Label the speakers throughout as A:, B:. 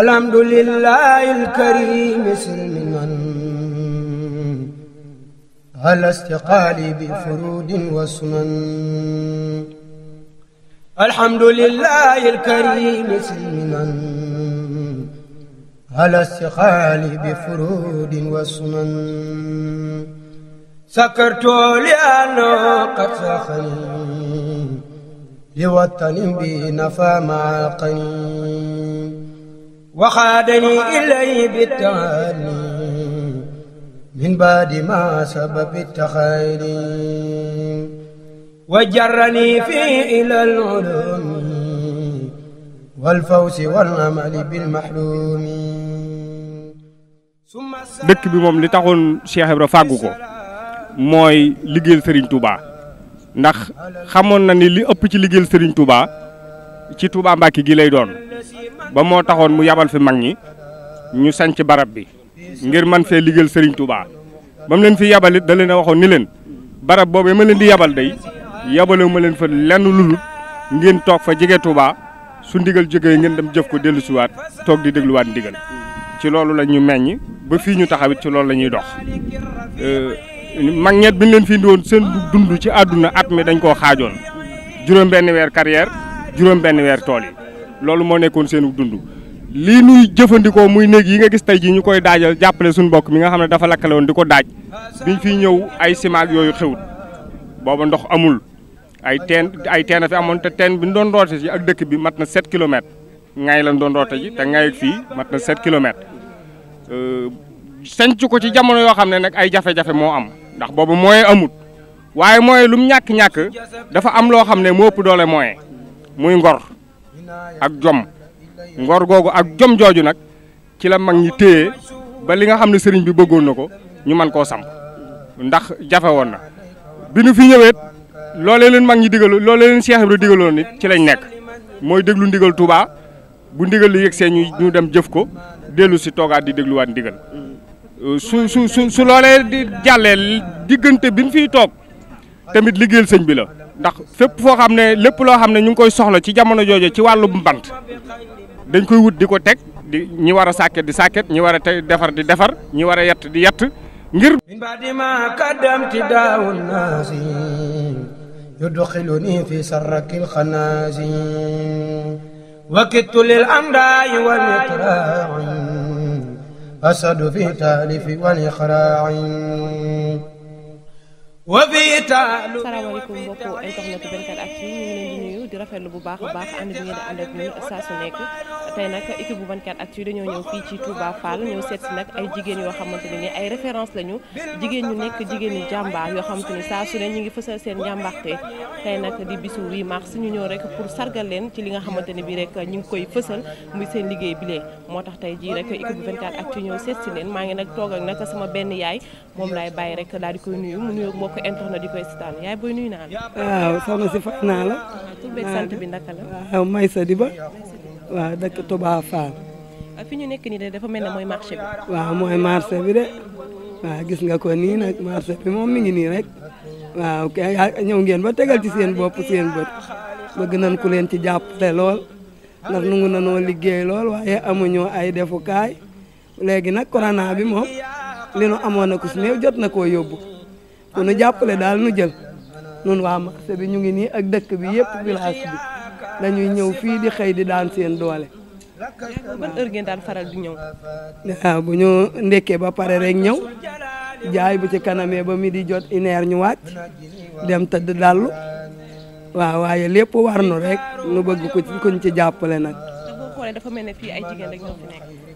A: alhamdulillahi alkarim silminan ala istiqaali bi sakartu li'anna qad saxani li watani waxaadani ilay bitaani min baadi ma sababi taxayri
B: wa fi ilal
A: ulumi wal wal amali bil mahrumi
B: dëkk bi moom li taxoon Cheikh Ibra fàggu ko mooy liggéeyal Serigne Touba ndax xamoon na ni li ëpp ci liggéeyal Serigne ci Touba Mbacke gi lay doon ba moo taxoon mu yabal fi mag ñi ñu sanc barab bi ngir man fee liggéeyal sëriñ Touba ba leen fi yabal it da leen waxoon ni leen barab boobu ma leen di yabal day yabalewu ma leen fa lenn lulut ngeen toog fa jege Touba su ndigal jógee ngeen dem jëf ko dellu siwaat toog di dégluwaat ndigal ci loolu la ñu meññ ba fii ñu taxawit ci loolu la ñuy dox euh, mag ñeet bi leen fi indiwoon seen dund ci àdduna at mi dañ koo xaajoon juróom benn weer carrière juróom-benn weer tool yi loolu moo nekkoon seen dund. lii nuy jëfandikoo muy néeg yi nga gis tey jii ñu koy daajal jàppale suñu mbokk mi nga xam ne dafa lakkale woon di ko daaj biñ fiy ñëw ay ciment yooyu xewut boobu ndox amul ay teen ay teen a fi amoon te teen bi ñu doon roote ji ak dëkk bi mat na 7 kilomètres ngay lan doon roote ji te ngay ak fii mat na 7 kilomètres euh, sanc ko ci jamono yoo xam ne nag ay jafe-jafe moo am ndax boobu moyen amut waaye moyen lu mu ñàkk-ñàkk dafa am loo xam ne moo ëpp doole moyen muy ngor ak jom ngor googu ak jom jooju nag ci la mag ñi téye ba li nga xam ne sëriñ bi bëggoon na ko ñu mën koo samp ndax jafe woon na bi nu fi ñëwee loolee leen mag ñi digaloon loolee leen Cheikh Ibrahima digaloon nit ci lañ nekk mooy déglu ndigal Touba bu ndigal li yegsee ñu ñu dem jëf ko dellu si toogaat di dégluwaat ndigal su su su su loolee di jàllee diggante bi mu fi toog tamit liggéeyal sëñ bi la. ndax fépp foo xam ne lépp loo xam ne ñu ngi koy soxla ci jamono jooju ci wàllu bant dañ koy wut di ko teg di ñi war a sàkket di sàkket ñi war a tey defar di defar ñi war a yett di yett ngir min baadi ma kaddamti daawu naasi
A: yudxiluni fi sarrakil xanaasi wakittu lil amdaayi wal itraa'i asadu fi taalifi wal ixraa'i salaamaaleykum
C: mbokk internet 24actu ñu ngi leen di di rafetlu bu baax a baax ànd bi ngeen di ànd ak ñun saa nekk tey nag équipe bu 24 actu yi dañoo ñëw fii ci Touba Fall ñëw seet si nag ay jigéen yoo xamante ne ni ay référence lañu jigéen ñu nekk jigéen yu jàmbaar yoo xamante ni saa su ne ñu seen jàmbaarte tey nag di bisu ñu ñëw rek pour sargal leen ci li nga xamante ne bi rek ñu ngi koy fësal muy seen liggéey bi lee moo tax tey jii rek équipe bu 24 actu ñëw seet leen maa ngi nag toog ak nag sama benn yaay moom laay bàyyi rek daal di koy nuyu mu nuyu mbokk internet di koy sitaan yaay booy bi sant bi naka la. waaw
D: Maysa Diba. waaw dëkk Touba Fall.
C: Ah, fi ñu nekk nii de dafa mel ne mooy marché bi.
D: waaw mooy marché bi de. waaw gis nga ko nii nag marché bi moom mi ngi nii rek. waaw kay ñëw ngeen ba tegal ci seen bopp seen bët. bëgg nañ ku leen ci jàppale lool. ndax nangu na noo liggéey lool waaye amuñoo ay defukaay. léegi nag corona bi moom li nu amoon na ku si néew jot na koo yóbbu. ku nu jàppale daal nu jël. nun waa marché bi ñu ngi nii ak dëkk bi yëpp village bi dañuy ñëw fii di xëy di daan seen doole.
C: ban heure ngeen daan faral di ñëw.
D: waaw bu ñu ndekkee ba pare rek ñëw jaay bu ci kanamee ba mi di jot ineer ñu wàcc dem tëdd dallu waaw waaye lépp war nu rek nu bëgg ko kuñ ci jàppale nag.
C: wala dafa mel ne jigéen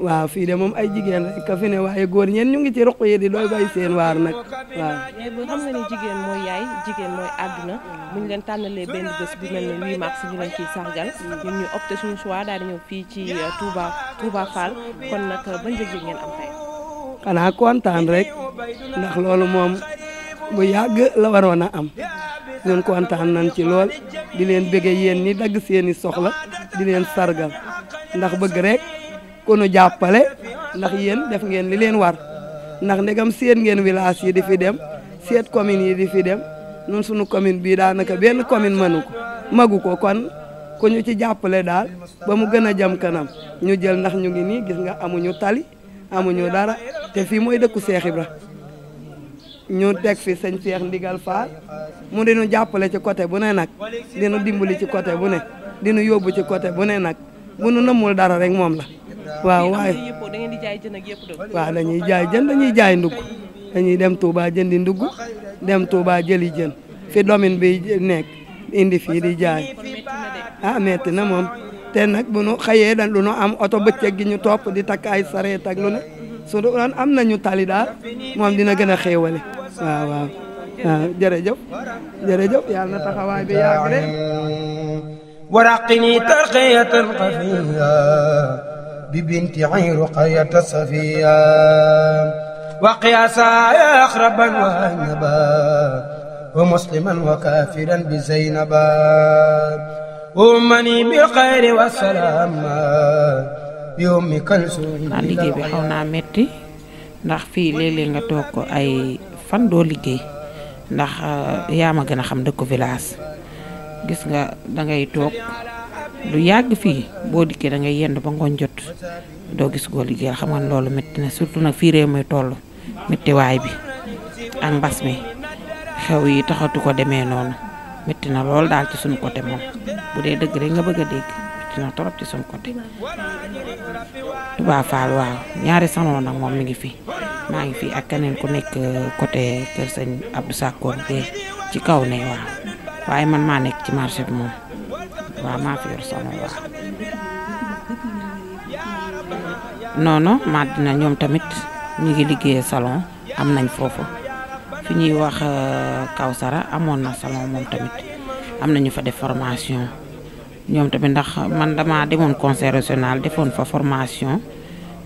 D: waaw fii de moom ay jigéen rek ka fi ne waaye góor ñeen ñu ngi ci ruq yi di doy bay seen waar nag waaw.
C: mais bu xam nga ne jigéen mooy yaay jigéen mooy àdduna bu ñu leen tànnalee benn bés bu mel ne 8 mars ñu leen ciy sargal ñun ñu opté suñu choix daal di ñëw fii ci euh, tuubaa Touba Fall kon nag euh, ban njëg ngeen am tey.
D: xanaa kontaan rek ndax loolu moom bu yàgg la waroon a am ñun kontaan nañ ci lool di leen bëgge yéen ñi dagg seeni soxla di leen sargal. ndax bëgg rek ku nu jàppale ndax yéen def ngeen li leen war ndax ndegam seet ngeen village yi di fi dem seet communes yi di fi dem ñun suñu commune bii daanaka benn commune mënu ko magu ko kon ku ñu ci jàppale daal ba mu gën a jëm kanam ñu jël ndax ñu ngi nii gis nga amuñu tali amuñu dara te fii mooy dëkku Seex Ibra ñu teg fi sëñ Seex Ndigal Fall mu dinu jàppale ci côté bu ne nag dinu dimbali ci côté bu ne dinu yóbbu ci côté bu ne nag bu nu mul dara rek moom la waaw waaye
C: waaw dañuy jaay jën
D: dañuy jaay ndugg dañuy dem Touba jëndi ndugg dem Touba jëli jën fi domaine bi nekk indi fii di jaay ah metti na moom te nag bu nu xëyee dañ lu nu am oto bëccëg gi ñu topp di takk ay sareet ak lu ne su doon am nañu tali daal moom dina gën a xéewale waaw waaw waaw ah, jërëjëf jërëjëf yàlla na taxawaay bi yàgg ورقني
A: ترقية خفية ببنت رقية صفية وقياسا يا أخربا وأنبا ومسلما وكافرا بزينبا أمني بالخير والسلام بأم كلثوم ndax liggéey bi xaw na
E: metti ndax fii léeg toog ko ay fan doo liggéey ndax yaa ma gën a xam dëkku village gis nga dangay toog lu yàgg fii boo dikkee da ngay yend ba ngoon jot doo gis goo liggéeyal xam nga loolu metti na surtout nag fii réew mi toll méttiwaay bi ak mbas mi xew yi taxatu ko demee noonu metti na lool daal ci suñu côté moom bu dee dëgg rek nga bëgg a dégg métti na torop côté Touba waaw ñaari salon nag moom mi ngi fi maa ngi fii ak keneen ku nekk côté kër sëñ Abdou Sakkoor ci kaw ne waaw waaye man maa nekk ci marché bi moom waaw maa fi yor sama waaw non dina ñoom tamit ñu ngi liggéeyee salon am nañ foofu fi ñuy wax euh, Kawsara amoon na salon moom tamit am na ñu fa def formation ñoom tamit ndax man dama demoon conseil régional defoon fa formation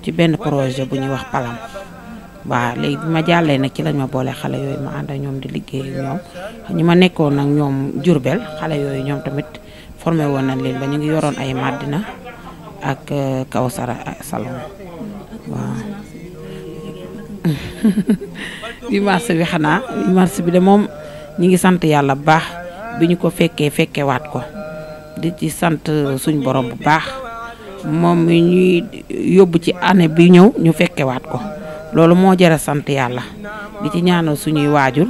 E: ci benn projet bu ñuy wax palam waaw léegi bi ma jàllee nag ci lañ ma boole xale yooyu ma ànd ak ñoom di liggéey ñoom ñi ma nekkoon nag ñoom Jurbel xale yooyu ñoom tamit formé woon nañ leen ba ñu ngi yoroon ay màddina ak euh, Kawsara euh, salon waaw dimanche bi xanaa dimanche bi de moom ñu ngi sant yàlla bu baax bi ñu ko fekkee fekkewaat ko di ci sant euh, suñ borom bu baax moom ñuy yóbbu ci année bi ñëw ñu fekkewaat ko loolu moo jar sant yàlla di ci ñaanal suñuy waajur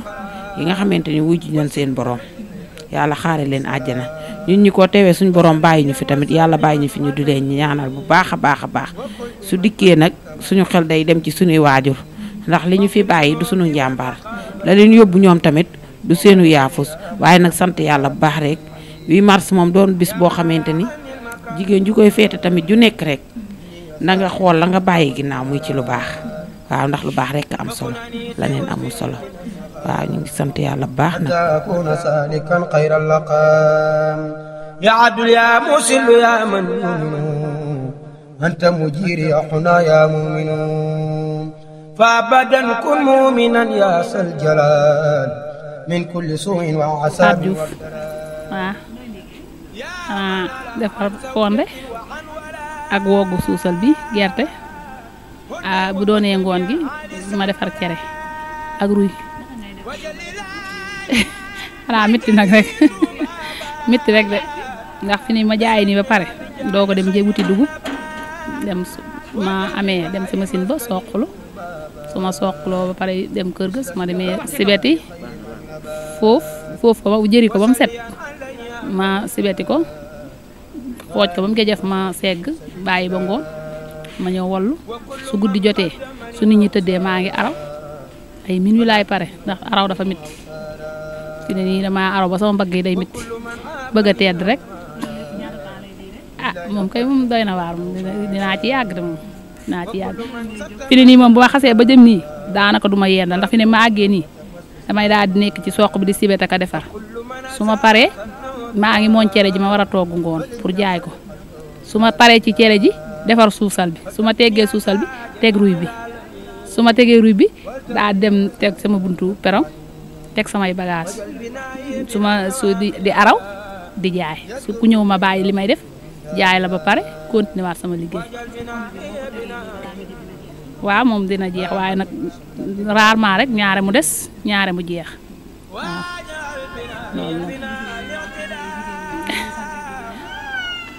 E: yi nga xamante ni wujj nañ seen borom yàlla xaare leen àjjana ñun ñi ko tewee suñu borom bàyyi ñu fi tamit yàlla bàyyi ñu fi ñu di leen ñaanal bu baax a baax a baax su dikkee nag suñu xel day dem ci suñuy waajur ndax li ñu fi bàyyi du suñu njàmbaar la leen yóbbu ñoom tamit du seenu yaafus waaye nag sant yàlla bu baax rek 8 mars moom doon bis boo xamante ni jigéen ju koy feete tamit ju nekk rek na nga xool la nga bàyyi ginnaaw muy ci lu baax. waaw ndax lu baax rek am solo laneen amul solo waaw ñu ngi sant yàlla bu baax
A: nag akuna salikan xayra laqam ya abdul ya musil ya man anta mujiri axuna ya muminu fa abadan kun muminan ya sal jalal min kulli suin wa asab Diouf
F: waaw ah, defar fonde ak woogu suusal bi gerte Ah, bu doonee ngoon gi ma defar cere ak ruy xanaa métti nag rek métti rek de ndax fi ni ma jaay nii ba pare doo ko dem jébuti dugub dem ma amee dem si machine ba soqlu suma ma soqloo ba pare dem kër ga suma ma demee sibeti foofu foofu ko ba jëri ko ba mu set ma sibeti ko xooj ko ba mu jëjëf ma segg bàyyi ba ngoon ma ñëw wallu su guddi jotee su nit ñi tëddee maa ngi araw ay minuit laay pare ndax araw dafa métti fi ne nii damaa araw ba sama mbagg day métti bëgg a tedd rek ah moom kay moom doy na waar moom dinaa ci yàgg de moom dinaa ci nii moom bu ma xasee ba jëm nii daanaka duma ma yendal ndax fi ne nii damay daal di nekk ci soq bi di sibet ak defar su ma paree maa ngi moon cere ji ma war a togg ngoon pour jaay ko su ma paree ci cere ji defar suusal bi su ma teggee suusal bi teg ruy bi su ma tegee ruy bi daa dem teg sama buntu perong teg samay bagaas su ma su di araw di jaay su ku ñëw ma bàyyi li may def jaay la ba pare continuer waat sama liggéey waaw moom dina jeex waaye nag rarement rek ñaare mu des ñaare mu jeex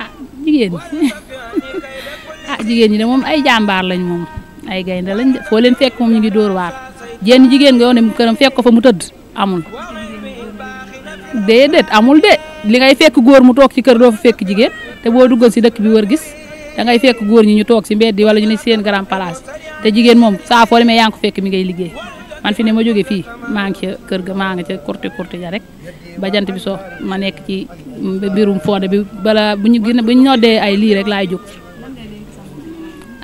F: ah, jigéen ah jigéen ñi de moom ay jàmbaar lañ moom ay gaynde lañ foo leen fekk moom ñu ngi dóor waar jenn jigéen nga yow ne mu këram fekk ko fa mu tëdd amul déedéet amul de li ngay fekk góor mu toog ci kër doo fu fekk jigéen te boo duggoon si dëkk bi wër gis da ngay fekk góor ñi ñu toog si mbedd yi wala ñu ne seen grand place te jigéen moom saa foo demee yaa ngi ko fekk mi ngay liggéey man fi ne ma jóge fii maa ngi ca kër ga maa ngi ca kurti kurti ja rek ba jant bi so ma nekk ci mbirum foode bi bala bu ñu bu ñu noddee ay lii rek laay jóg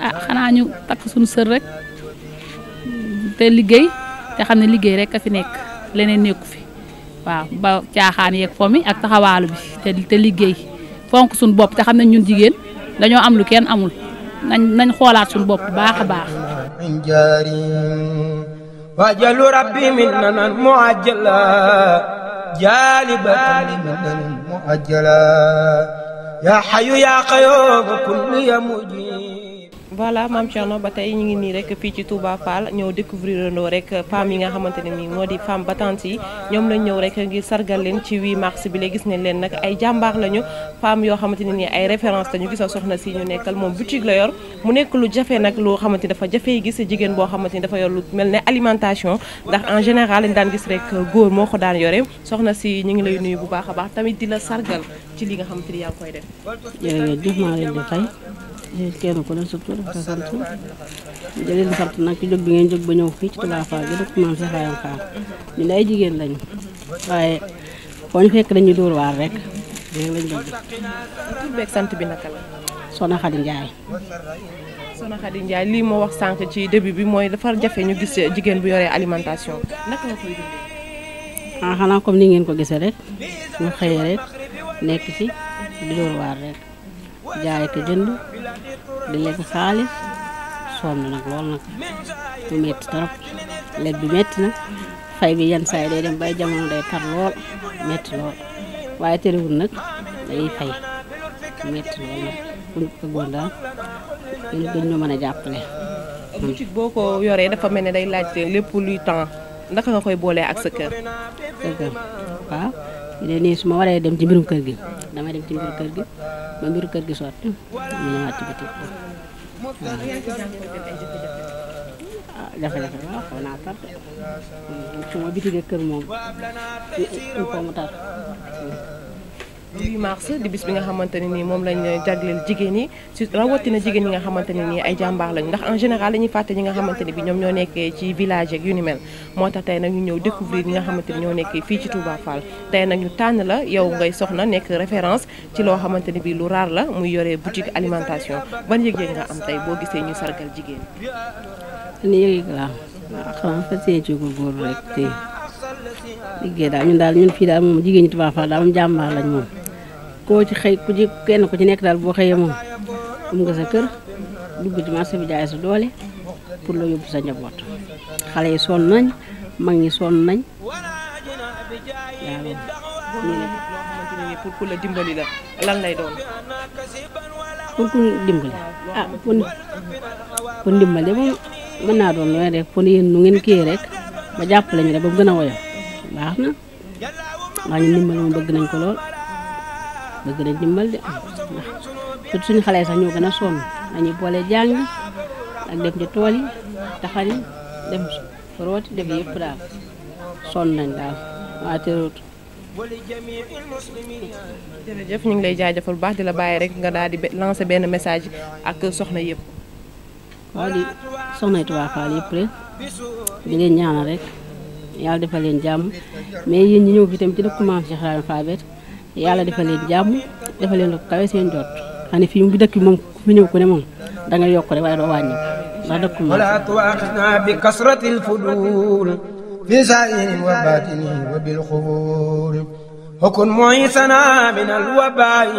F: ah xanaa ñu takk suñu sër rek te liggéey te xam ne liggéey rek a fi nekk leneen nekku fi waaw ba caaxaan yeeg fo mi ak taxawaalu bi te liggéey fonk suñu bopp te xam ne ñun jigéen dañoo am lu kenn amul nañ nañ xoolaat suñu bopp baax a baax
A: wajalu rabbi min nanan muajjala jaalibatan yaa xayu yaa qayyuum kulli ya muji
C: voilà maam Thierno ba tey ñu ngi nii rek fii ci Touba Fall ñëw découvrir ndoo rek femmes yi nga xamante ne nii moo di femme battante yi ñoom lañ ñëw rek ngir sargal leen ci 8 mars bi léegi gis nañ leen nag ay jàmbaar lañu femme yoo xamante ne nii ay référence lañu gis a soxna si ñu nekkal moom boutique la yor mu nekk lu jafe nag xamante dafa jafee gis jigéen boo xamante ni dafa yor lu mel ne alimentation ndax en général lañ daan gis rek góor moo ko daan yore soxna si ñu ngi lay nuyu bu baax a baax tamit di la sargal ci li nga xamante ni yaa ngi koy def.
G: jërëjëf maa Eh, kenn ku ne sa tur sa bi ngeen jóg ba ñëw fii ci Touba Fall gi dëkk jigéen lañu waaye foo ñu fekk dañuy dóor waar rek dinañ
C: sant bi naka la. Soxna Khady Ndiaye. Soxna lii moo wax sànq ci début bi mooy dafa jafe ñu gis
G: jigéen bu yoree alimentation naka ah, xanaa comme ni ngeen ko gisee rek ñu xëyee rek nekk ci di rek. jaay ko jënd di lekk xaalis sonn nag lool nag mu metti trop lekk bi metti na fay bi yenn saa yi dem bay jamono day tar lool metti lool waaye terewul nag day fay metti lool nag buñ bëggoon daal ñu mën a jàppale. Hmm. boutique boo ko yoree dafa mel ni day
C: laajte lépp luy temps naka nga koy boolee ak sa kër.
G: dëgg ñu ne nii su ma waree dem ci mbirum kër gi dama dem ci mbirum kër gi ba mbirum kër gi sotti mu ñëwaat ci bitik bi ah jafe hmm, su ma bitik kër moom il faut mu tar hmm.
C: 8 mars di bis bi nga xamante ne nii moom lañ jagleel jigéen yi su rawatina jigéen yi nga xamante ne nii ay jàmbaar lañ ndax en général dañuy fàtte ñi nga xamante ne bi ñoom ñoo nekkee ci village ak yu ni mel moo tax tey nag ñu ñëw découvrir ñi nga xamante ne ñoo nekkee fii ci Touba Fall tey nag ñu tànn la yow ngay soxna nekk référence ci loo xamante ne bi lu raar la muy yore boutique alimentation ban yëg-yëg nga am tey boo gisee ñu sargal jigéen
G: lii la xam fa see ci góor rek tey liggéey daal ñun daal ñun fii daal moom jigéen ñi Touba Fall daal moom jàmbaar koo ci xëy ku ci kenn ku ci nekk daal boo xëyee moom am nga sa kër dugg ci marché bi jaay sa doole pour la yóbbu sa njaboot xale yi sonn nañ mag ñi soon nañ
A: waaw
C: ñu pour dimbali la lan lay doon.
G: pour ku dimbali ah pour pour naa doon looy rek pour yéen nu ngeen kii rek ba jàppale ñu rek ba mu gën a woyof baax na waaye ñun dimbali moom bëgg nañ ko lool. bëgg nañ dimbal de ndax suñu xale sax ñoo gën a sonn dañuy boole jàng ak dem ci tool yi taxari dem rooti def yëpp daal sonn nañ daal waa terut
A: jërëjëf ñu ngi lay jaajëfal bu
C: baax di la bàyyi rek nga daal di lancer benn message
G: ak soxna yëpp waaw di soxna Touba Fall yëpp rek di leen ñaanal rek yàlla defal leen jàmm mais yéen ñi ñëw fi tamit ci dëkk commencé Cheikh Ibrahima Fall yàlla defal leen jàmm defal leen ko kawe seen mu dëkk bi moom ku fi ñëw ku ne moom da nga rek waaye doo wàññi ndax dëkk moom. wala
A: tuaxisna bi kasratil fudul
G: fi saa'irin wa
A: baatinihi wa bil xubul وكن معيسنا من الوباء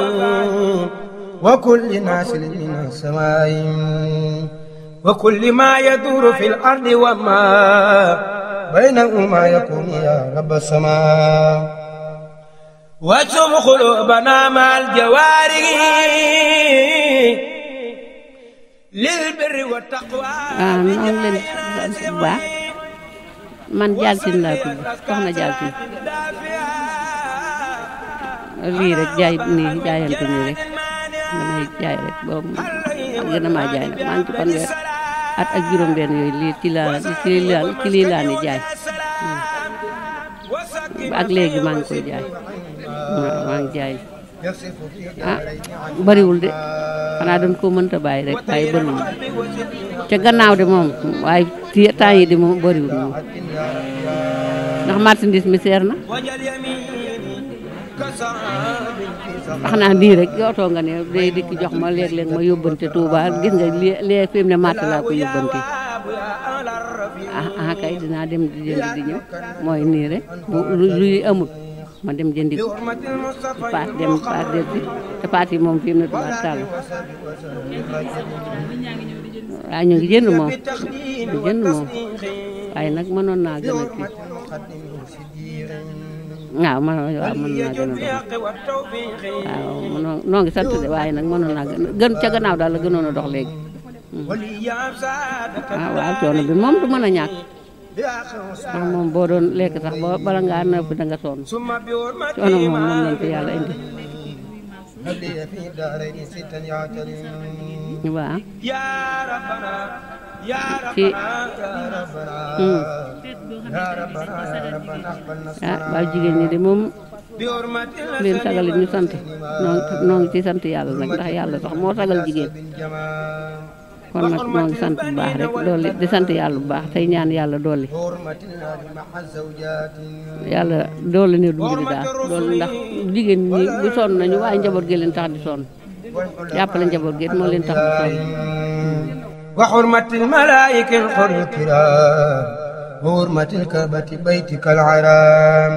A: وكل ناسل من السماء وكل ما يدور في الأرض وما بينهما يكون يا رب السماء واسم قلوبنا مع الجوارح
H: للبر والتقوى
I: man jaal siin laa tudd soxna jaal siin lii rek jaay nii jaayantu nii rek damay jaay rek boobu gën a jaay nag maa ngi ci fanweer at yooyu lii ci jaay ak léegi maa ngi koy jaay. waaw maa ngi jaay ah de xanaa dañ koo mënta bàyyi rek waaye bëriwul ca gannaaw de moom waaye temps yi de moom bëriwul
A: moom ndax
I: marchandise mi seer na
A: wax naa nii rek
I: yootoo nga ne day dikk jox ma léeg-léeg ma yóbbante Touba gis nga li lee fi ne matt laa ko yóbbante ah ah kay dinaa dem di jënd di ñëw mooy nii rek luy amul ma dem jëndi di
A: paas dem paas del
I: si te yi moom fi mu
F: ñu ngi jënd moom ñu jënd moom nag mënoon naa gën a
A: noo ngi sant waaye nag mënoon naa gën ca gannaaw
I: daal la gënoon a dox léegi
A: hmm. waaw waaw mën a ñàkk moom
I: boo doon lekk sax ba bala ngaa noppi da nga sonn coono moom moom lañ fi yàlla indi. waaw.
A: ci. Hmm. ah waaw jigéen ñi di moom. leen sagal it ñu sant noo ngi
I: ci sant yàlla nag ndax yàlla sax moo sagal jigéen.
A: kon nag moo ngi sant bu baax rek dolli di sant yàlla
I: bu baax tey ñaan yàlla dolli
A: yàlla dolli ne dund bi daal dolli ndax jigéen ñi du sonn nañu waaye njaboot
I: gi leen tax di sonn
A: jàppale njaboot gi moo leen tax di sonn wa xurmatil malaayika alxurri kiraam wa xurmatil kabati baytika alxaraam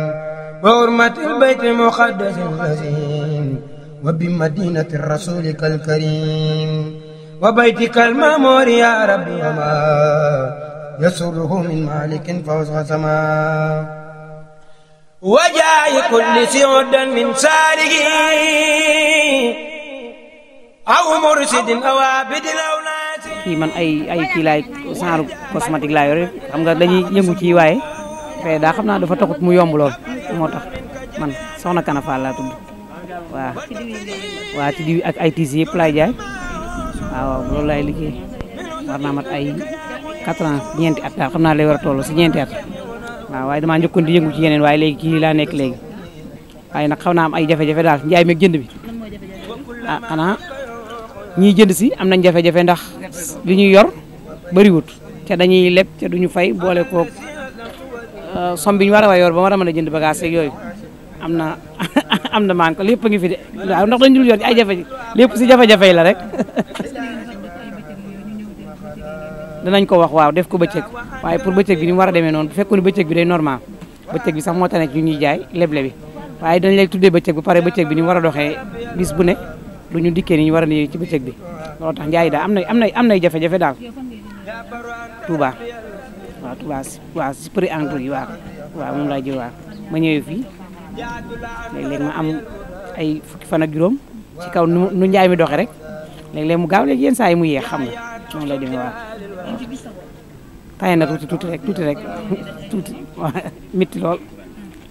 A: wa xurmatil bayti muqaddasi alazim wa bi madinati rasulika alkarim وبيتك المامور يا رب وما يسره من مالك فوق سما وجاي كل سعود من سالك أو مرشد
J: أو عابد أو kii man ay ay kii laay genre cosmétique laa xam nga dañuy yëngu ci waaye fee daa xam naa dafa taxut mu yomb moo tax man soxna Kana Fall laa tudd waaw waaw ci ak ay tiis yëpp laay jaay waaw loolu laay liggéey war naa mat ay 4 ans ñeenti at daal xam naa lay war a si ñeenti at waaw waaye damaa njëkkoon di yëngu ci yeneen waaye léegi kii laa nekk léegi waaye nag xaw naa am ay jafe-jafe daal njaay meeg jënd bi ah xanaa ñiy jënd si am nañ jafe-jafe ndax li ñuy yor bariwut te dañuy leb te duñu fay boole koog euh, som bi ñu war a yor ba war a mën a jënd bagage yeeg yooyu am na am na maan ko lépp ngi fi de waaw ndax dañ dul yoon ay jafe lépp si jafe-jafe la rek danañ ko wax waaw def ko bëccëg waaye pour bëccëg bi ni war a demee noonu bu fekkoon ne bëccëg bi day normal bëccëg bi sax moo tane ci ñuy jaay leble bi waaye dañ lay tuddee bëccëg bu pare bëccëg bi ni war a doxee bis bu ne du ñu dikkee ni ñu war a ci bëccëg bi loolu tax njaay daal am na am na am nay jafe-jafe daal Touba waaw Touba si prix engrais yi waa waaw moom laa ma ñëwee fii léeg-léeg ma am ay fukki fan ak juróom ci kaw nu nu njaay mi doxe rek léeg-léeg mu gaaw léegi yenn saa yi mu yeex xam nga noonu lay demee waaw tàyyi na tuuti tuuti rek tuuti rek tuuti waaw métti lool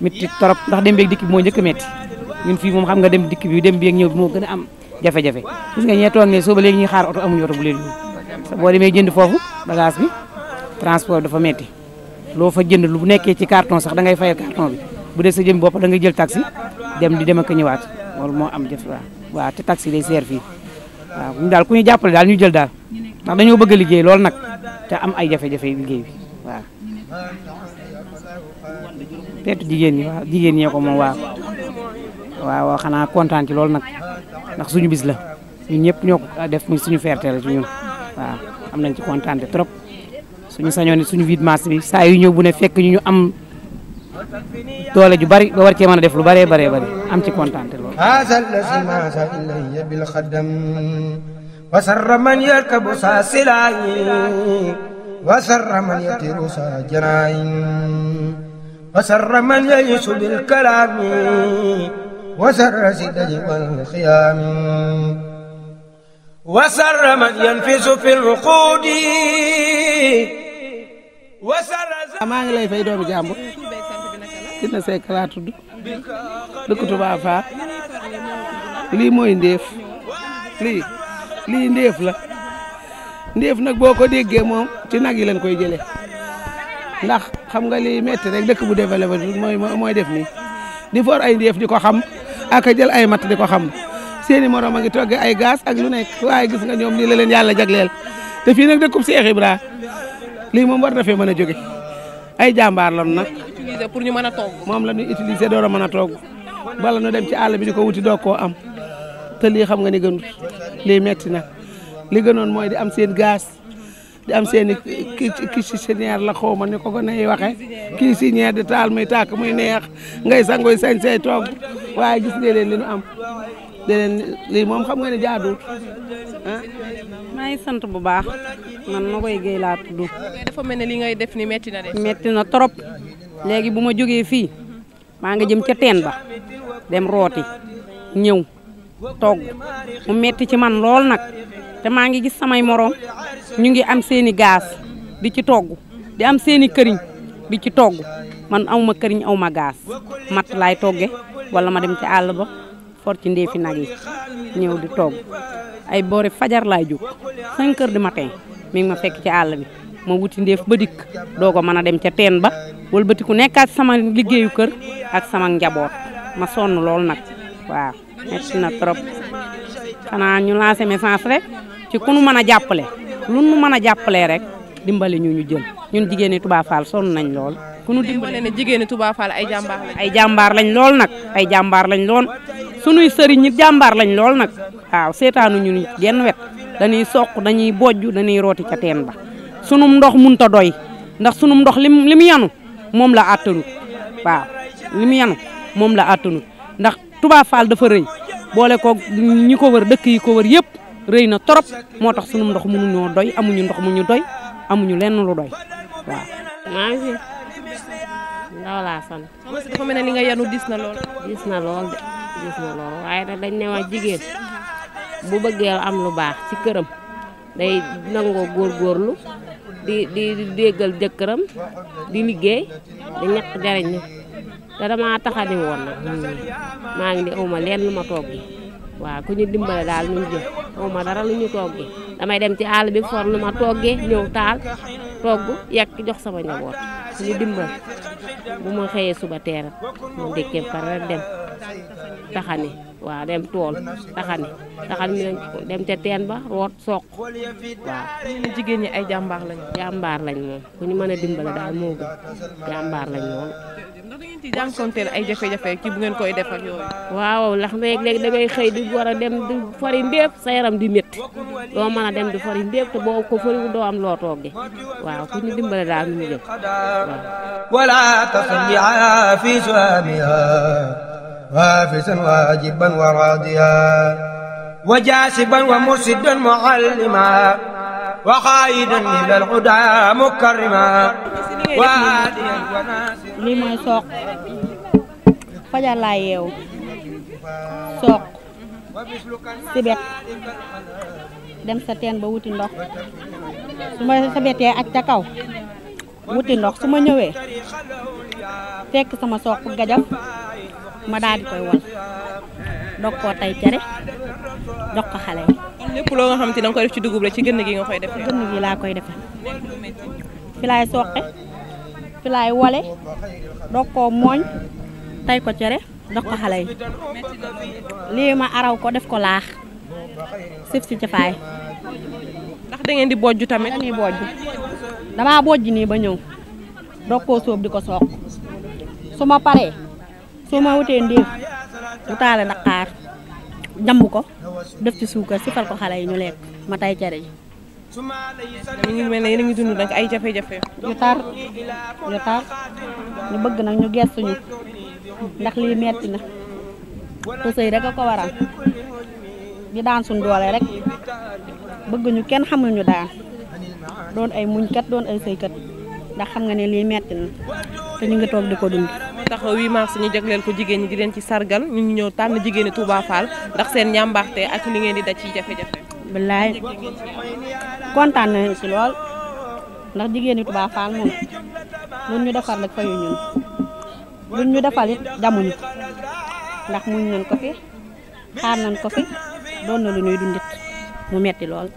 J: métti torop ndax dem beeg dikk bi moo njëkk a métti fii moom xam nga dem dikk bi dem beeg ñëw bi moo gën a am jafe-jafe gis nga ñee toog ne soo ba léegi ñuy xaar oto amuñu oto bu leen sa boo demee jënd foofu bagage bi transport dafa métti loo fa jënd lu bu nekkee ci carton sax da ngay fayal carton bi bu dee sa jëm bopp da nga jël taxi dem di dem ak ñëwaat loolu moo am jëf waaw waaw te taxi day seer fii waaw ñu daal ku ñu jàppale daal ñu jël daal ndax dañoo bëgg a liggéey loolu nag te am ay jafe-jafe liggéey bi waaw teetu jigéen ñi waaw jigéen ñee ko moom waaw waaw xanaa kontaan ci loolu nag ndax suñu bis la ñun ñëpp ñoo ko def suñu fierté la ci ñun waaw am nañ ci kontaan trop suñu sañoon suñu 8 bi saa yu ñëw bu ne fekk ñu ñu am doole ju bari ba war cee mën a def lu baree baree bari am ci kontaan te lool
A: وسر من يركب ساسلاي وسر من يطير ساجراي وسر من يعيش بالكلام وسر سدج والخيام وسر من ينفس في
H: الوقود وسر maa ngi lay fay doomu jàmbur Binta Seck laa tudd dëkk Touba lii mooy ndéef lii lii ndéef la ndéef nag boo ko déggee moom ci nag yi lañ koy jëlee ndax xam nga lii metti rek dëkk bu développé mooy mooy def nii di for ay ndéef di ko xam ak a jël ay matt di ko xam seeni morom ngi toggee ay gaz ak lu nekk waaye gis nga ñoom lii la leen yàlla jagleel te fii nag dëkkub Seex Ibra lii moom war na fee mën a jóge ay jàmbaar lan nag pour ñu mën a togg. moom la ñuy utiliser door a mën a toog bala ñu dem ci àll bi di ko wuti doog koo am te lii xam nga ni gënut lii metti na li gënoon mooy di am seen gaas di am seen i cuisinière la xaw ma ni ko gën a waxee cuisinière di taal muy tàkk muy neex ngay sangoy sañ say toog waaye gis nga leen li ñu am. déedéet lii moom xam nga ne jaaduwul ah. maa sant bu baax man ma koy géey
C: dafa mel ne li ngay def ni metti na
K: de. metti na trop léegi bu ma jógee fii maa nga jëm ca teen ba dem rooti ñëw togg mu metti ci man lool nag te maa ngi gis samay moroom ñu ngi am seeni gaas di ci togg di am seeni këriñ di ci togg man awma këriñ ma gaas mat laay togge walla ma dem ci àll ba for ci ndéefi nag yi ñëw di togg ay boori fajar laay jóg 5 di du matin mi ngi ma fekk ci àll bi ma wuti ndéef ba dikk doo ko mën a dem ca teen ba nekk nekkaat sama liggéeyu kër ak sama njaboot ma sonn lool nag waaw si na trop xanaa ñu lancé message rek ci ku nu mën a jàppale lu nu mën a jàppalee rek dimbali ñu ñu jël ñun jigéeni Touba Fall sonn nañ lool. kunu nu dimbali
C: jigéeni Touba Fall ay jàmbaar lañ.
K: ay jàmbaar lañ lool nag ay jàmbaar lañ lool sunuy sëriñ ñi jàmbaar lañ lool nag waaw seetaanu ñu genn wet dañuy soq dañuy bojj dañuy rooti ca teen ba sunum ndox munta doy ndax sunum ndox lim lim yanu. moom la àttanut waaw li mu yanu moom la àttanut ndax Touba Fall dafa rëy boole ko ñi ko wër dëkk yi ko wër yépp rëy na trop moo tax sunu ndox mënu ñoo doy amuñu ndox mu ñu doy amuñu lenn lu doy waaw.
L: maa ngi fi ndaw laa yanu dis na lool. dis na lool de na lool waaye dañ ne jigéen bu bëggee am lu baax ci këram day nangoo góorlu di di déggal jëkkëram di liggéey di ñàkk jariñ na te dama taxani woon nag hmm. maa ngi ni awma leen lu ma toog gi waaw ku ñu dimbale daal ñu jël awma dara lu ñu toog gi damay dem ci àll bi for lu ma toggee ñëw taal togg yekk jox sama njaboot ku ñu dimbal bu ma xëyee suba teeram mu dékkee pare dem taxani waaw dem tool taxani taxani dem te teen ba root soq
A: waaw
L: jigéen ñi ay jàmbaax lañ jàmbaar lañ moom ku ñu mën a dimbale daal moo gën jàmbaar lañ lool
C: ci jànkonteel ay jafe-jafe bu ngeen koy def ak yooyu
L: waaw ndax léeg xëy di war a dem di sa yaram di métti doo mën a dem di fori ndépp te boo ko foriwu doo am loo tooge waaw ku daal
A: حافسا واجبا وراضيا وجاسبا ومرشدا معلما وقائدا إلى الهدى مكرما
M: وهاديا وناصرا lii mooy soq fajar laa yeew sibet dem sa teen ba wuti ndox su ma sabetee ak kaw wuti ndox su ma ñëwee fekk sama soq gajaf ma daal di koy wal dog koo tay cere jox ko xale yi. kon lépp loo nga xam te da
C: koy def ci dugub la ci gën gi nga koy defee. gën laa koy defee fi laay soqe
M: fi laay dog koo mooñ tay ko cere jox ko xale yi lii ma araw ko def ko laax sif si jafaay. ndax da ngeen di bojju tamit. dañuy bojju damaa bojj nii ba ñëw dog koo sóob di ko soq su ma paree. soo ma wutee ndéef bu taale daqaar jamb ko def ci suukar sifal ko xale yi ñu lekk ma tay cere ji ñu mel ne yéen a ay jafe-jafe yu tar yu tar ñu bëgg nag ñu gestuñu ndax lii metti na te sëy rek a ko waral di daan suñ doole rek bëgg ñu kenn xamul daan doon ay muñkat doon ay sëykat ndax xam nga ne lii metti na te ñu ngi toog di ko dund
C: tax 8 mars ñu jagleel ko jigéen ñi di leen ci sargal ñu ngi ñëw tànn jigéeni ñi ndax seen njàmbaarte ak li ngeen di daj ci jafe-jafe. billaay
M: kontaan nañu si lool ndax jigéen ñi Touba Fall moom lu ñu defar rek fayu ñun lu ñu defal it jamuñu ndax muñ nañ ko fi xaar nañ ko fi doon na lu ñuy dundit mu metti lool.